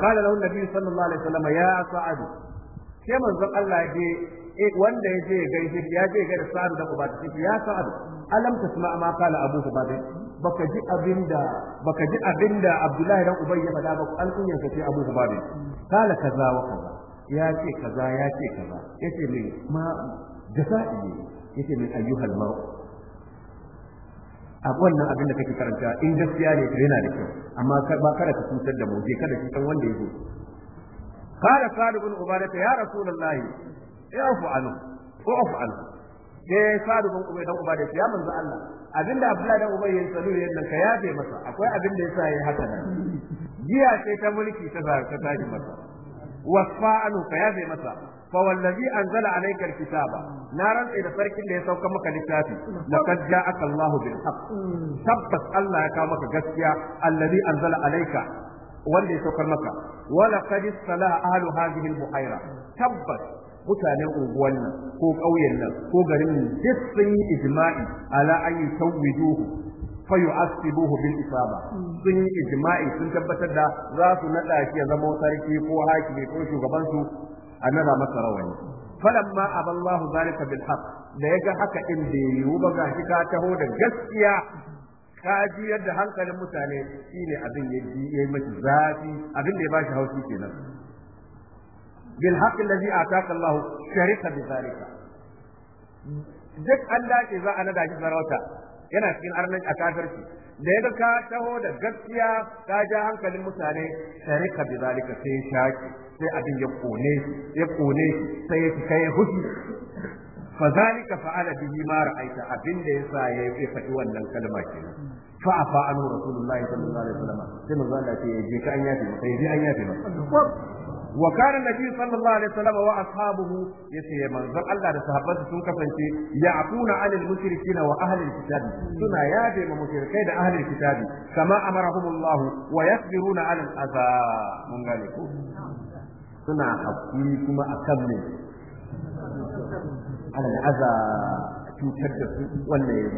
qala lahu an-nabi sallallahu alaihi wasallam ya sa'ad sai manzon Allah je wanda ya je gaishe ya je ga sa'ad da uba shi ya sa'ad alam tasma ma qala abu hubayb baka ji abinda baka ji abinda abdullahi dan ubay ya faɗa ba an kunya ka ce abu hubayb qala kaza kaza ya ce kaza ya ce kaza yace me ma jaza'i yace min ayyuhal mar'u a wannan abin da kake karanta in gaskiya ne yana da kyau amma ba kada ka cutar da mu je kada shi san wanda yazo qala sa'd bin ubadata ya rasulullah i'fu anhu i'fu anhu sai eh, sa'd bin ubadata ubadata ya manzo Allah abinda Abdullah dan Ubay ya tsaro nan ka yafe masa akwai abin da yasa yayi haka nan Jiya sai ta mulki ta ta tashi masa wasfa anhu ka yafe masa fa wallazi anzala alaikar kitaba. na rantsa da sarkin da ya sauka maka littafi laqad ja'aka Allahu bil haqq tabbas Allah ya kawo maka gaskiya allazi anzala alaika, wanda ya saukar maka wala qad salaha ahlu hadhihi buhaira. tabbas mutanen unguwan ko ƙauyen nan ko garin nan duk sun yi ijma'i ala an yusawwiduhu fa yu'assibuhu bil isaba sun yi ijma'i sun tabbatar da za su nada ya zama sarki ko hakimi ko shugaban su a naza masa rawani falamma aballahu zalika bil haqq da yaga haka in bai yiwu ba ga shi ka taho da gaskiya ka juyar da hankalin mutane shine abin ya ji yayi miki zafi abin da ya bashi haushi kenan bil haqq allazi ataka Allah sharika bi zalika duk an dace za a nada shi sarauta yana cikin arnan a kafirci da yadda ka taho da gaskiya ta ja hankalin mutane sharika bi zalika sai shaki sai abin ya kone ya kone sai ya kai hushi فذلك فعل به ما رأيت أبن ليس يفتوى أن الكلمة فعفى عنه رسول الله صلى الله عليه وسلم كما قال لك يجيك أن يأتي يجي wa kana nabi sallallahu alaihi wasallam wa ashabuhu yace manzon Allah da sahabbansa sun kasance ya'funa 'anil mushrikin wa ahli alkitab suna yabe ma mushrikai da ahli alkitab kama amarahumullahu wa yasbiruna 'alal adha mun gane suna hakuri kuma akan cutar da su wanda ya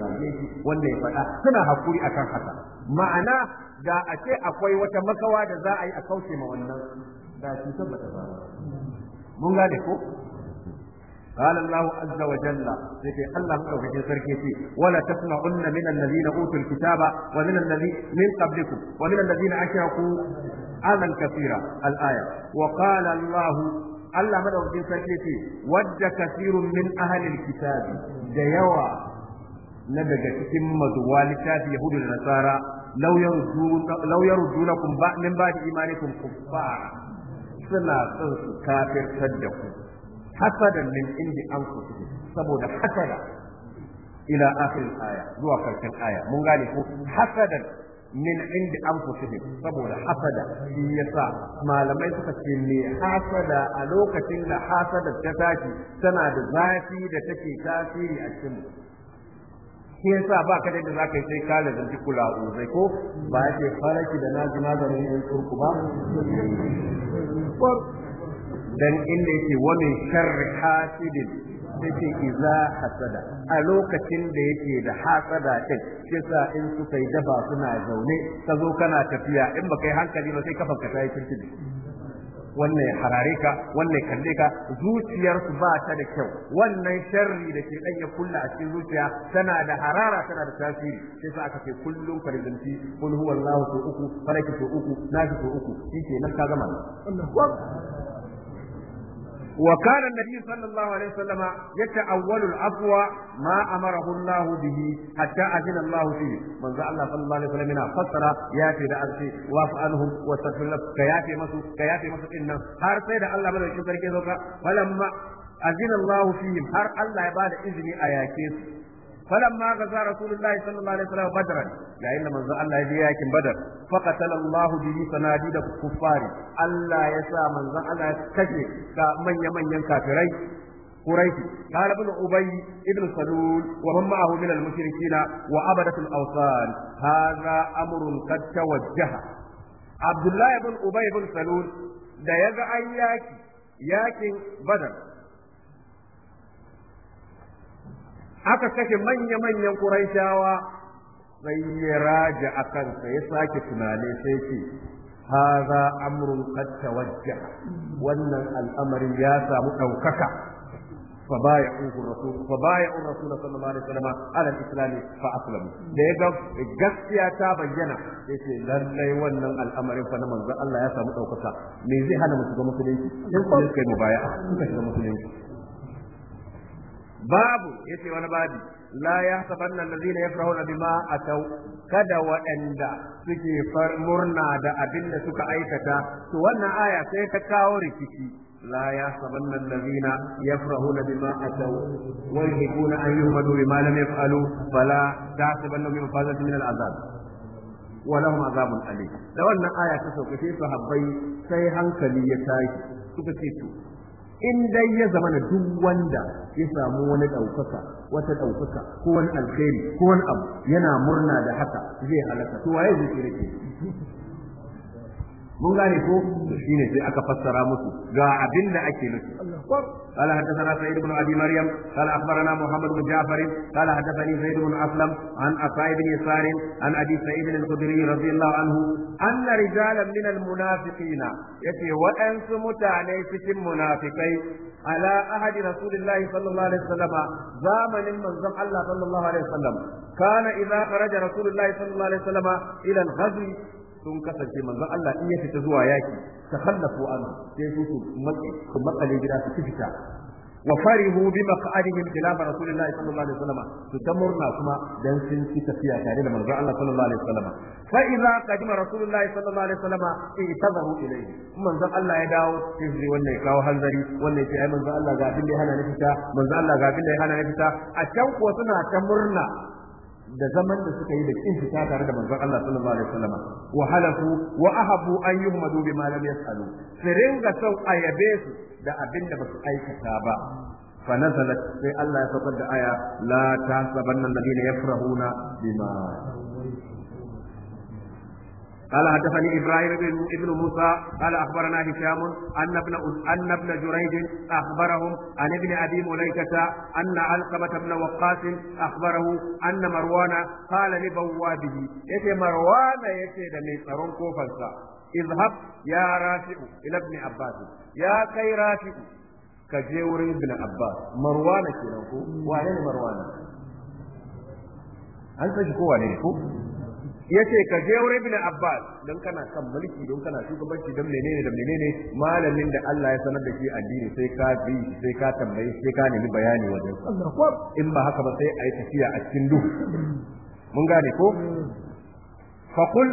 wanda ya faɗa suna hakuri akan haka ma'ana da a ce akwai wata makawa da za a yi a kauce ma wannan da cutar ba ta zama mun gane ko قال الله عز وجل لكي الله مدوكي سركيتي ولا تسمعن من الذين اوتوا الكتاب ومن الذي من قبلكم ومن الذين اشركوا اذى كثيرا الايه وقال الله الله مدوكي سركيتي ود كثير من اهل الكتاب ديوا ندج cikin mazuwa littafi yahudu da nasara لو يردونكم من بعد إيمانكم كفارا suna son su kafirtar da ku hasadan min indi an saboda hasada ila akhir aya zuwa karshen aya mun gane ku hasadan min indi an saboda hasada shi yasa malamai suka ce me hasada a lokacin da hasada ta tashi tana da zafi da take tasiri a cikin shi ba kaɗai da zaka yi sai ka lazanci kula zai ko ba ke faraki da naji maganin yin turku ba dan inda yake wa min sharri hasidin yake iza hasada a lokacin da yake da hasada din kisa in suka yi daba suna zaune ka zo kana tafiya in baka yi hankali ba sai kafanka ta yi kirkiri wannan ya harare ka wannan ya kalle ka zuciyarsu ba ta da kyau wannan sharri da ke dan ya kulla a cikin zuciya tana da harara tana da tasiri sai sa aka ce kullum farizanti kul huwallahu su uku falaki su uku nafi su uku ke nan ka gama وكان النبي صلى الله عليه وسلم يتأول العفو ما أمره الله به حتى أذن الله فيه من زعل الله صلى الله عليه وسلم فسر ياتي لأرسي واف عنهم واستغفر لك كياتي مسو كياتي مسو إن هار سيد الله من يشكر كيزوك فلما أذن الله فيهم هار الله يبعد إذني أياكيس فلما غزا رسول الله صلى الله عليه وسلم بدرا يا ان من الله يجي ياكن بدر فقتل الله به صناديد الكفار الله يسا من الله كجي من يمن كافرين قريش قال ابن أبي ابن سلول وهم معه من المشركين وعبدة الأوثان هذا أمر قد توجه عبد الله بن أبي بن سلول da ya ga an yaki yakin badar aka kashe manya-manyan ƙuraishawa sai ya raja a kansa ya sake tunani sai ce haza amrun qad tawajja wannan al'amari ya samu ɗaukaka fa فبايعوه الرسول فبايعوا الرسول صلى الله عليه وسلم على الاسلام فاسلموا da ya ga gaskiya ta bayyana yace lallai wannan al'amarin fa na manzon Allah ya samu ɗaukaka me zai hana mu shiga musulunci in kun kai mu baya suka shiga musulunci babu yace wani babi la ya saban nan lazina ya farau da bima a tau kada waɗanda suke murna da abin da suka aikata to wannan aya sai ta kawo rikici la ya saban nan lazina ya farau da bima a tau wani hikuna an yi umaru bima ya falu bala ta saban nan bima fazar ta min al'azab walahum azabun alim da wannan aya ta sauƙashe sahabbai sai hankali ya tashi suka ce to in dai ya zama na duk wanda ya samu wani ɗaukaka wata ɗaukaka ko wani alkhairi ko wani abu yana murna da haka zai halaka to waye zai tsira ke mun gane ko to shine sai aka fassara musu ga abin da ake nufi قال حدثنا سعيد بن ابي مريم قال اخبرنا محمد بن جعفر قال حدثني زيد بن اسلم عن عطاء بن يسار عن ابي سعيد الخدري رضي الله عنه ان رجالا من المنافقين يتي وانس متاني في منافقين على عهد رسول الله صلى الله عليه وسلم زمن من زم الله صلى الله عليه وسلم كان اذا خرج رسول الله صلى الله عليه وسلم الى الغزو sun kasance manzon Allah in ya fita zuwa yaki ta hallafu an sai su su matsi su matsale gida su fita wa farihu bi maq'adihim khilaf rasulillah sallallahu alaihi wasallam su ta murna kuma dan sun ci tafiya tare da manzon Allah sallallahu alaihi wasallam fa idza qadima rasulullah sallallahu alaihi wasallam itadahu ilayhi manzon Allah ya dawo sai wannan ya kawo hanzari wannan ya ai manzon Allah ga abin da ya hana ni fita manzon Allah ga abin da ya hana ni fita a can kuwa suna ta murna da zaman da suka yi da kin fita tare da manzon Allah sallallahu alaihi wasallam wa halafu wa ahabu an yuhmadu bima lam yasalu sirin ga sau ayabe su da abin da basu aikata ba فنزلت في الله سبحانه وتعالى لا تحسبن الذين yafrahuna بما قال حدثني ابراهيم بن ابن موسى قال اخبرنا هشام ان ابن ان ابن جريج اخبرهم عن ابن ابي مليكه ان علقمه بن وقاص اخبره ان مروان قال لبوابه يتي مروان يتي ده مي تsaron kofarsa اذهب يا رافع الى ابن عباس يا كي رافع كجي ورين ابن عباس مروان كده ko wane مروان هل an sai yace ka je wurin ibn abbas dan kana kan mulki don kana shugabanci dan menene da menene malamin da Allah ya sanar da shi addini sai ka bi sai ka tambaye sai ka nemi bayani wajen in ba haka ba sai a yi tafiya a cikin duhu mun gane ko fa qul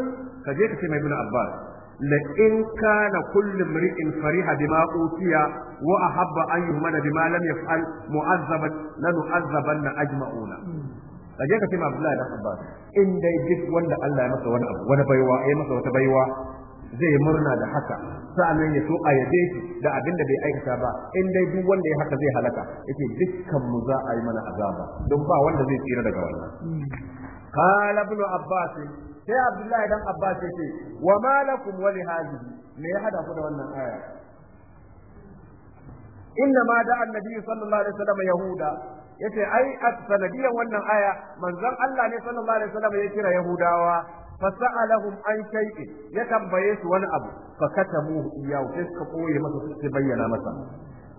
ka je ka ce mai ibn abbas la in kana kullu mri'in fariha bima utiya wa ahabba an yuhmada bima lam yaf'al mu'azzaban lanu'azzabanna ajma'una a je ka ce ma Abdullahi dan Abbas in dai duk wanda Allah ya masa wani abu wani baiwa ya masa wata baiwa zai murna da haka sa'annan ya so a yabe shi da abin da bai aikata ba in dai duk wanda ya haka zai halaka yake dukkan mu za a yi mana azaba don ba wanda zai tsira daga wannan qala ibn abbas sai abdullahi dan abbas yace wa ma lakum wa li hadhihi me ya hada ku da wannan aya inna ma da annabi sallallahu alaihi wasallam yahuda yace ai a sanadiyan wannan aya manzon Allah ne sallallahu alaihi wasallam ya kira yahudawa sa'alahum an shay'in ya tambaye su wani abu katamu iyahu sai suka koye masa su bayyana masa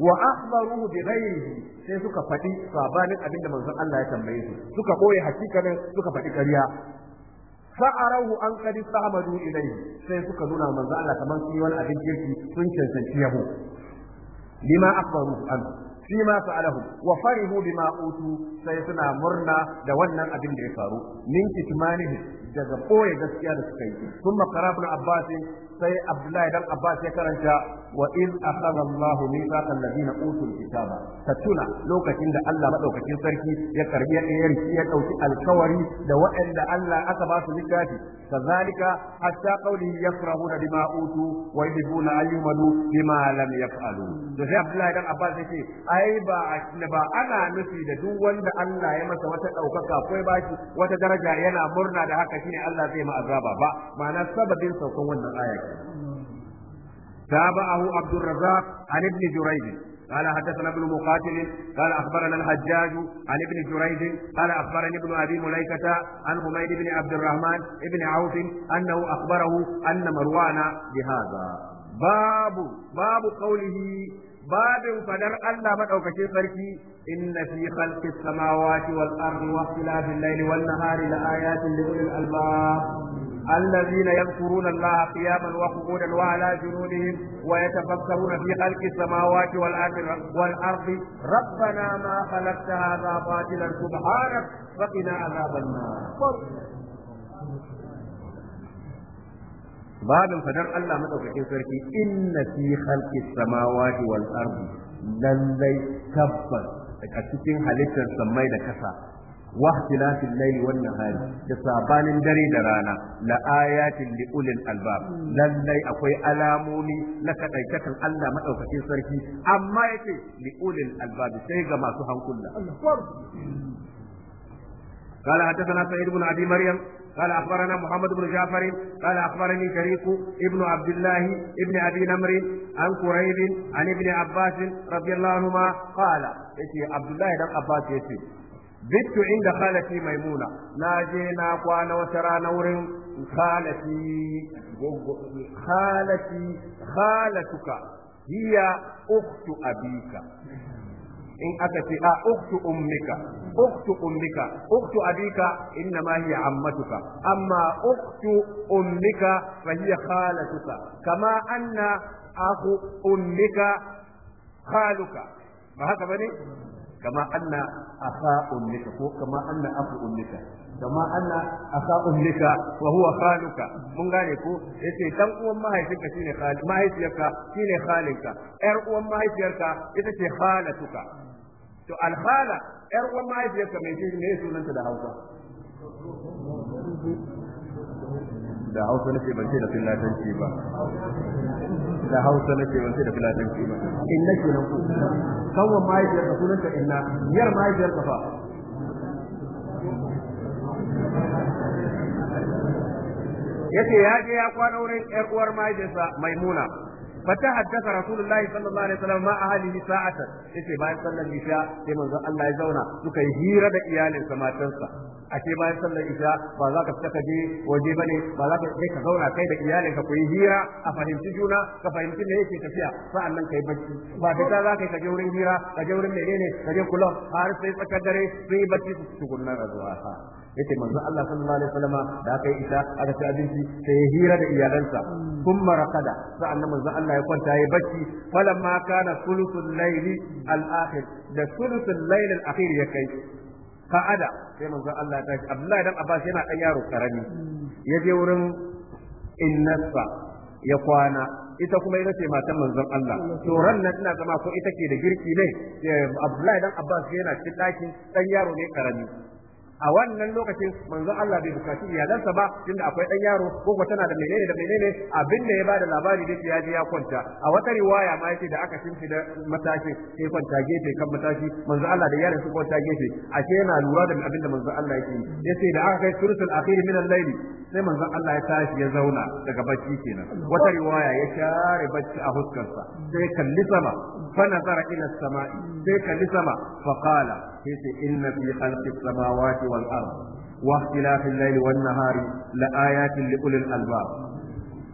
wa akhbaruhu bi ghairihi sai suka faɗi sabanin abinda manzon Allah ya tambaye su suka koye hakikanin suka faɗi kariya. fa'arahu an kadi sa'amadu ilayhi sai suka nuna manzon Allah kamar sun yi wani abin kirki sun cancanci yabo lima akhbaruhu anhu Shi ma fa'alahu wa farihu bima utu sai suna murna da wannan abin da ya faru min kitmanihi daga boye gaskiya da suka yi kuma qarabul abbas sai abdullahi dan abbas ya karanta وإذ أخذ الله ميثاق الذين أوتوا الكتاب فتنا لو كتند الله مدو كتن سركي يكربي يرسي أو الكوري دو أن الله أتباس لكاتي كذلك حتى قوله يفرحون بما أوتوا ويحبون أن يمدوا بما لم يفعلوا دو عبد الله بن عباس يقول أي با با أنا نسي دو وند الله يمس وتأوكك كوي باشي وتدرجة ينا مرنا ده هكا شيني الله زي ما أذابا با معنى سبب سوكون وند آية تابعه عبد الرزاق عن ابن جريج قال حدثنا ابن مقاتل قال اخبرنا الحجاج عن ابن جريج قال اخبرني ابن ابي مليكه عن حميد بن عبد الرحمن بن عوف انه اخبره ان مروان بهذا باب باب قوله باب فدر الله مدوكشي سركي ان في خلق السماوات والارض واختلاف الليل والنهار لايات لاولي الالباب الذين يذكرون الله قياما وقعودا وعلى جنودهم ويتفكرون في خلق السماوات والارض والارض ربنا ما خلقت هذا باطلا سبحانك فقنا عذاب النار babin fadar Allah madaukakin sarki inna fi khalqis samawati wal ardi lallai tabbas a cikin halittar samai da kasa واختلاف الليل والنهار تسابان دري درانا لآيات لأولي الألباب للي أقوي ألاموني لك أيكت الله ما أوكي سركي أما يتي لأولي الألباب سيغا ما سهو كلها قال حدثنا سعيد بن أبي مريم قال أخبرنا محمد بن جعفر قال أخبرني شريك ابن عبد الله ابن أبي نمر عن قريب عن ابن عباس رضي الله عنهما قال يتي عبد الله بن عباس يتي bittu inda khalati maimuna na je na kwana wata rana wurin khalati khalati khalatuka hiya ukhtu abika in aka ce a ah, ukhtu ummika ukhtu ummika ukhtu abika inna ma hiya ammatuka amma ukhtu ummika fa hiya khalatuka kama anna akhu ummika khaluka ba haka bane kama anna aka ummika ko kama anna aku ummika kama anna aka ummika wa huwa khaluka mun gane ko yace dan uwan mahaifinka shine khalik mahaifiyarka shine khalinka yar uwan mahaifiyarka ita ce khalatuka to alhala yar uwan mahaifiyarka mai ji ne sunanta da Hausa da Hausa nake ban ce da fillatanci ba da Hausa nake wance da filatanci ba inna nan ku kawai mahaifiyar ka sunanta inna yar mahaifiyar ka fa yace ya je ya kwana wurin ƴar uwar mahaifiyarsa Maimuna فتحدث رسول الله صلى الله عليه وسلم مع أهله ساعة yace bayan sallar isha sai manzon Allah ya zauna suka yi hira da iyalinsa matansa ashe bayan sallar isha ba za ka fita ka je waje bane ba za ka je ka zauna kai da iyalinka ku yi hira a fahimci juna ka fahimci me yake tafiya sa'annan kai bacci ba fita za ka yi ka je wurin hira ka je wurin menene ka je kulon har sai tsakar dare sai bacci su tukunna razuwa yace manzo Allah sallallahu alaihi wasallam da aka yi isa aka ci abinci sai ya hira da iyalansa kuma raqada sa'annan manzo Allah ya kwanta ya bacci falamma kana sulusul layli al-akhir da sulusul layli al-akhir ya kai fa'ada sai manzo Allah ya tashi Abdullahi dan Abbas yana dan yaro karami ya je wurin innasa ya kwana ita kuma ita ce matan manzon Allah to ran nan ina zama ko ita ke da girki ne eh, Abdullahi dan Abbas yana cikin ɗakin dan yaro ne karami a wannan lokacin manzon Allah bai bukaci iyalansa ba tunda akwai dan yaro ko tana da menene da menene abin da ya bada labari da ya ji ya kwanta a wata riwaya ma yace da aka shimfi da matashi sai kwanta gefe kan matashi manzon Allah da yaron su kwanta gefe ce yana lura da abin da manzon Allah yake ce da aka kai suratul akhir min al-layl sai manzon Allah ya tashi ya zauna daga bacci kenan wata riwaya ya share bacci a huskarsa sai kalli sama fa nazara ila samai sai kalli sama fa qala yace inna fi khalqis samawati wal ard wa ikhtilafil layli wan nahari la ayatin li ulil albab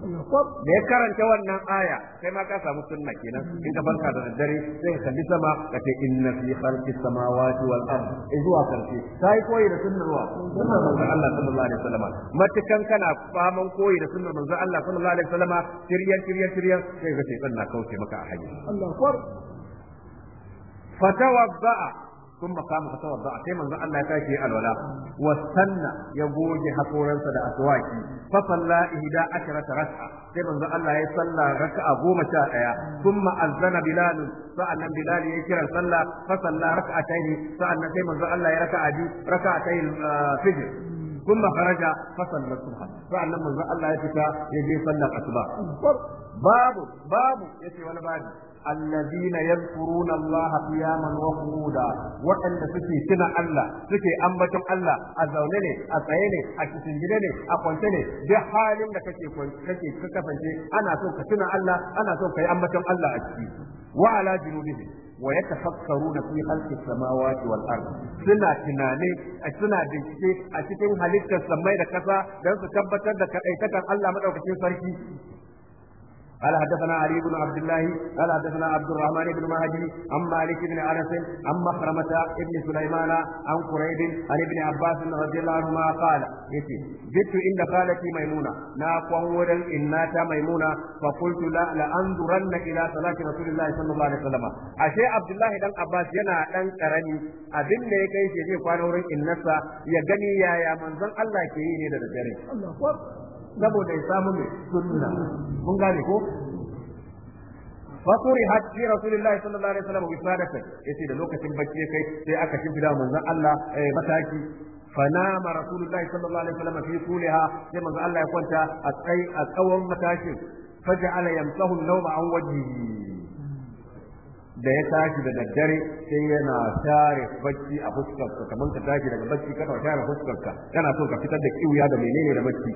da ya karanta wannan aya sai ma ka samu sunna kenan in ka da daddare sai ka kalli sama ka ce inna fi khalqis samawati wal ard in eh, zuwa karshe sai koyi da sunnar wa sunnar manzon Allah sallallahu alaihi wasallam Matakan kana faman koyi da sunnar manzon Allah sallallahu alaihi wasallam tiryan tiryan tiryan sai ka ce sanna kauce maka a hanya Allahu akbar fatawadda ثم قام فتوضا كما ان الله تاكي الولاء واستنى goge حقورنسا da aswaki fa salla ihda asharata rak'a sai manzo Allah ya salla raka'a goma sha daya thumma azana bilal sa'annan bilal ya kira salla fa salla rak'atayn sa'annan sai manzo Allah ya raka'a bi rak'atayn ah, fajr thumma kharaja fa salla subha sa'annan manzo Allah je sallar asuba babu babu wani babu allazina yadhkuruna Allah qiyaman wa waɗanda suke tuna Allah suke ambaton Allah a zaune ne a tsaye ne a cikin gida ne a kwance ne duk halin da kake kake ka kasance ana so ka tuna Allah ana so ka yi ambaton Allah a ciki wa ala junubihi wa yatafakkaruna fi khalqi samawati wal ard suna tunani, suna bincike a cikin halittar samai da kasa don su tabbatar da kadaitakar Allah madaukakin sarki قال حدثنا علي بن عبد الله قال حدثنا عبد الرحمن بن مهدي عن مالك بن انس عن مخرمة بن سليمان عن قريب عن ابن عباس رضي الله عنهما قال يتي جئت عند خالتي ميمونة ناقوا ورن إناتا ميمونة فقلت لا لأنظرن إلى صلاة رسول الله صلى الله عليه وسلم أشي عبد الله بن عباس ينا دان كرني abin da ya kai shi zai kwana wurin innasa ya gani yaya manzon Allah ke yi ne da dare saboda ya samu mai sunna mun gane ko fasuri hajji rasulullahi sallallahu alaihi wasallam bi sadaka yace da lokacin bacci kai sai aka shimfida manzon Allah eh, mataki ma rasulullahi sallallahu alaihi wasallam fi kulliha sai manzon Allah ya kwanta a tsayi a tsawon matashin faja'ala yamsahu an wajhihi da ya tashi da daddare sai yana share bacci a fuskarka kamar ka tashi daga bacci ka kawo share fuskarka kana so ka fitar da kiwuya da menene da bacci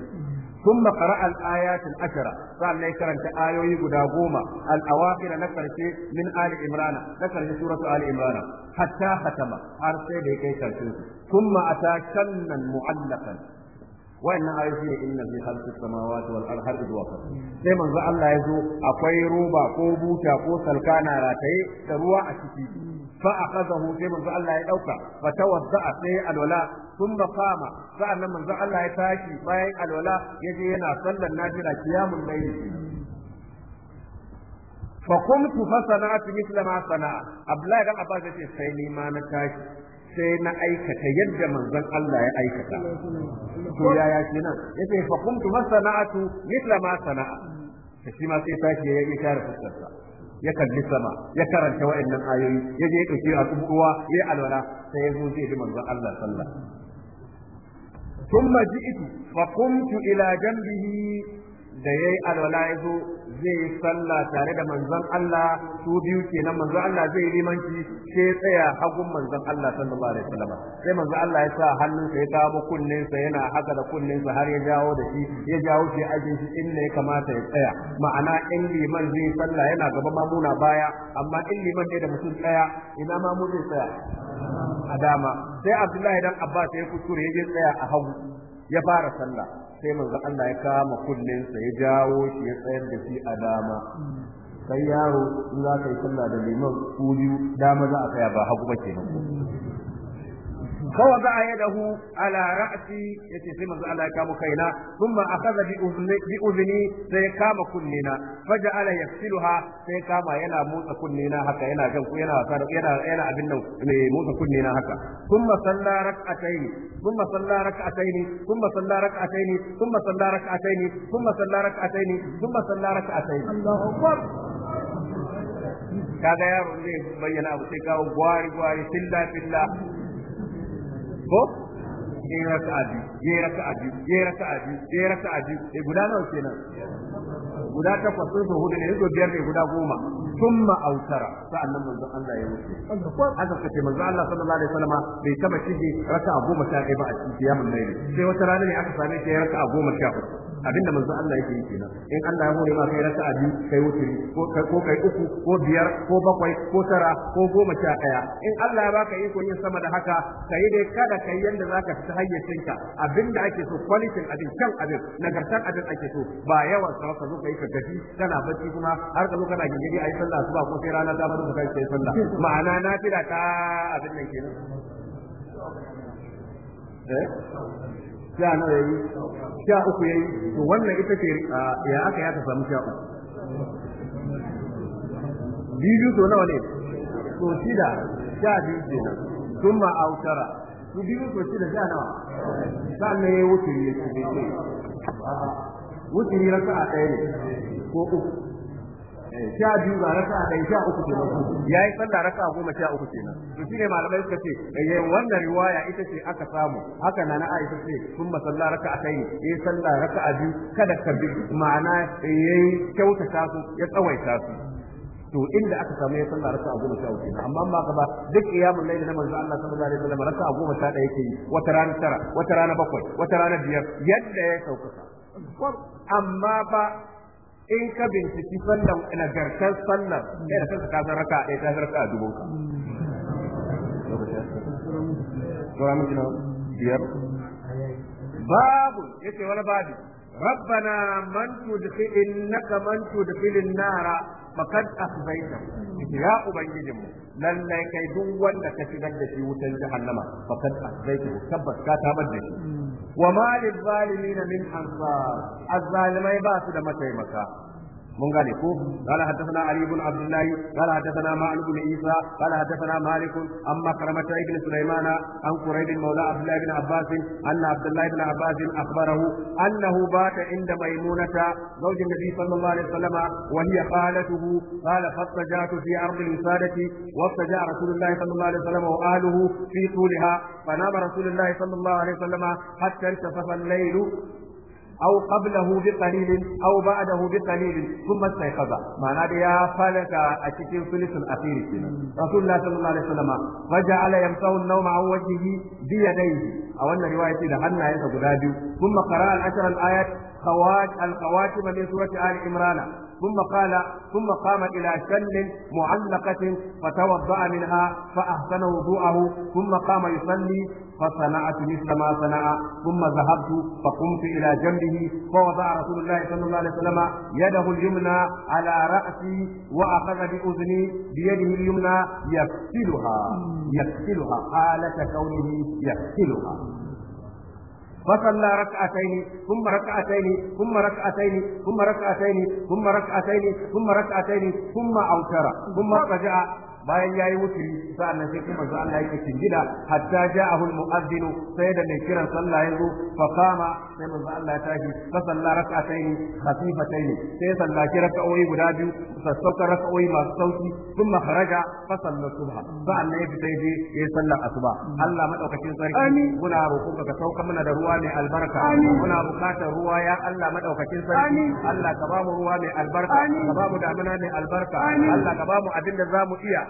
sun makara al'ayatin ashara sa'an karanta ayoyi guda goma al'awakira na karshe min ali imrana na karshe suratu ali hatta hatama har sai da ya kai karshe su sun ma'ata kannan mu'allakan wayannan ayoyi ne inna fi khalqis samawati wal ardi har zuwa sai manzo Allah ya zo akwai roba ko buta ko salkana rataye da ruwa a ciki fa akhadahu sai manzo Allah ya dauka fa tawadda'a sai alwala thumma qama sa'annan manzo Allah ya tashi bayan alwala yaje yana sallar nafila qiyamul layl fa qumtu fa sana'tu mithla ma sana'a abdullahi dan abbas yace sai ni ma na tashi sai na aikata yadda manzon Allah ya aikata to yaya kenan yace fa qumtu fa sana'atu mithla ma sana'a shi ma sai tashi ya yi share fuskarsa ya kalli sama ya karanta wa'annan ayoyi ya je ya a tsubuwa ya alwala sai ya zo zai bi manzon Allah sallallahu ثم جئت فقمت إلى جنبه da yayi alwala ya zo zai yi sallah tare da manzon Allah su biyu kenan manzon Allah zai yi limanci sai tsaya hagun manzon Allah sallallahu alaihi wasallam sai manzon Allah ya sa hannunsa ya kawo kunnensa yana haka da kunninsa har ya jawo da shi ya jawo shi ajin shi inda ya kamata ya tsaya ma'ana in liman zai sallah yana gaba mamuna baya amma in liman ne da mutum tsaya ina mamu zai tsaya a dama sai Abdullahi dan Abbas ya kuskure ya je tsaya a hagu ya fara sallah sai manzo Allah ya kama sa ya jawo shi ya tsayar da shi a dama sai yaro in za ka yi sallah da liman ku dama za a tsaya ba hagu ba kenan فوضع يده على رأسي يتي سيما الله كام كينا ثم أخذ بأذني سيكام كننا فجعل يفسلها سيكام ينا موسى كننا حتى ينا جنك ينا ينا ينا أبنو موسى كننا حتى ثم صلى ركعتين ثم صلى ركعتين ثم صلى ركعتين ثم صلى ركعتين ثم صلى ركعتين ثم صلى ركعتين الله أكبر kaga yaro zai bayyana abu sai kawo gwari gwari filla ko gera raka'a gera yayi gera biyu gera raka'a e guda nawa kenan guda ta sun so hudu ne yanzu biyar ne guda goma thumma autara sa'annan manzo Allah ya wuce haka kace manzo Allah sallallahu alaihi wasallam bai taba shige raka'a goma sha ɗaya ba a cikin yamin laili sai wata rana ne aka same shi raka'a goma sha uku abinda manzo Allah yake yi kenan in Allah ya hore ma kai raka'a biyu kai wuturi ko kai uku ko biyar ko bakwai ko tara ko goma sha daya in Allah ya baka iko yin sama da haka kai dai kada kai yanda zaka fita hayyacinka abinda ake so quality abin kan abin nagartar abin ake so ba yawa sa ka zo kai ka gaji kana bacci kuma har ka zo kana gidi ayi sallah ba ko sai rana ta bar ka kai sallah ma'ana na nafila ta abin nan kenan eh sha nawa yayi sha uku yayi to wannan ita ce ya aka ya ka samu sha uku biyu to nawa ne to shida sha biyu kenan thumma autara to biyu to shida sha nawa sannan yayi wuce ne ce wuce raka'a ɗaya ne ko uku sha biyu ga raka a sha uku kenan ya yi sallah raka goma sha uku kenan to ne malamai suka ce wannan riwaya ita ce aka samu haka na na Aisha ce sun masalla raka a kai yayi sallah raka a biyu kada ka bi ma'ana eh, yayi kyautata su ya tsawaita su to inda aka samu ya sallah a goma sha uku amma ba ka ba duk iyamun layl na manzo Allah sallallahu alaihi wasallam a goma sha ɗaya yake yi wata rana tara wata rana bakwai wata rana biyar yadda ya saukaka amma ba in ka binciki sannan ina garkar sannan yadda kansa ka san raka ɗaya ta san raka a dubun ka. Tura miji na biyar. Babu yake wani babu. Rabbana man tudkhilin naka da tudkhilin nara faqad akhzaita ya ubangijin mu lallai kai duk wanda ka shigar da shi wutar jahannama faqad akhzaita tabbas ka tabar da shi hmm. wa ma lil zalimin min ansar azzalimai ba su da mataimaka من قال قال حدثنا علي بن عبد الله قال حدثنا معن بن عيسى قال حدثنا مالك عن مكرمة بن سليمان عن قريب مولى عبد الله بن عباس أن عبد الله بن عباس أخبره أنه بات عند ميمونة زوج النبي صلى الله عليه وسلم وهي خالته قال فاضطجعت في أرض الوسادة واضطجع رسول الله صلى الله عليه وسلم وأهله في طولها فنام رسول الله صلى الله عليه وسلم حتى انتصف الليل أو قبله بقليل أو بعده بقليل ثم استيقظ معنى يا فلك أشكي ثلث الأخير رسول الله صلى الله عليه وسلم فجعل يمسح النوم عن وجهه بيديه a wannan riwaya ce da hannayensa guda biyu kuma qara'a al-ashra al-ayat khawat al-khawatim ثم قال ثم قام إلى شل معلقة فتوضأ منها فأحسن وضوءه ثم قام يصلي فصنعت مثل ما صنع ثم ذهبت فقمت الى جنبه فوضع رسول الله صلى الله عليه وسلم يده اليمنى على راسي واخذ باذني بيده اليمنى يغسلها يغسلها حاله كونه يغسلها فصلى ركعتين ثم ركعتين ثم ركعتين ثم ركعتين ثم ركعتين ثم ركعتين ثم أوتر ثم رجع bayan yayi wuturi sa'annan sai kuma manzo Allah yake gida hatta ja'ahu al-mu'adhdhin sai da mai kiran sallah yazo fa qama sai manzo Allah ya tashi fa salla rak'atayn khafifatayn sai sallaki rak'o'i guda biyu sassauka rak'o'i masu sauki kuma kharaja fa salla subha sa'annan ya fita je yayi sallar asuba Allah madaukakin sarki muna roƙon ka sauka mana da ruwa mai albarka muna bukatar ruwa ya Allah madaukakin sarki Allah ka bamu ruwa mai albarka ka bamu mu damina mai albarka Allah ka bamu mu abin da zamu iya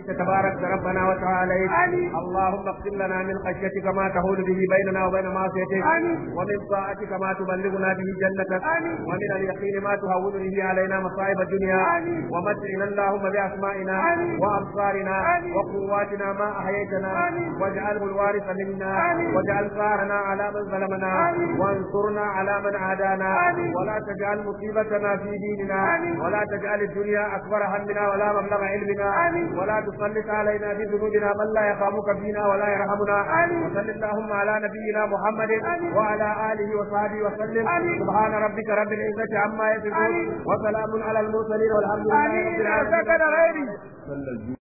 أنت تبارك ربنا وتعالى اللهم اغفر لنا من خشيتك ما تهول به بيننا وبين معصيتك ومن طاعتك ما تبلغنا به جنتك ومن اليقين ما تهون به علينا مصائب الدنيا ومتعنا اللهم بأسمائنا وأبصارنا وقواتنا ما أحييتنا واجعله الوارث منا واجعل ثارنا على من ظلمنا وانصرنا على من عادانا ولا تجعل مصيبتنا في ديننا ولا تجعل الدنيا أكبر همنا ولا مبلغ علمنا ولا تسلط علينا في ذنوبنا من لا يرحمك فينا ولا يرحمنا وصل اللهم على نبينا محمد وعلى آله وصحبه وسلم سبحان ربك رب العزة عما يصفون وسلام على المرسلين والحمد لله رب العالمين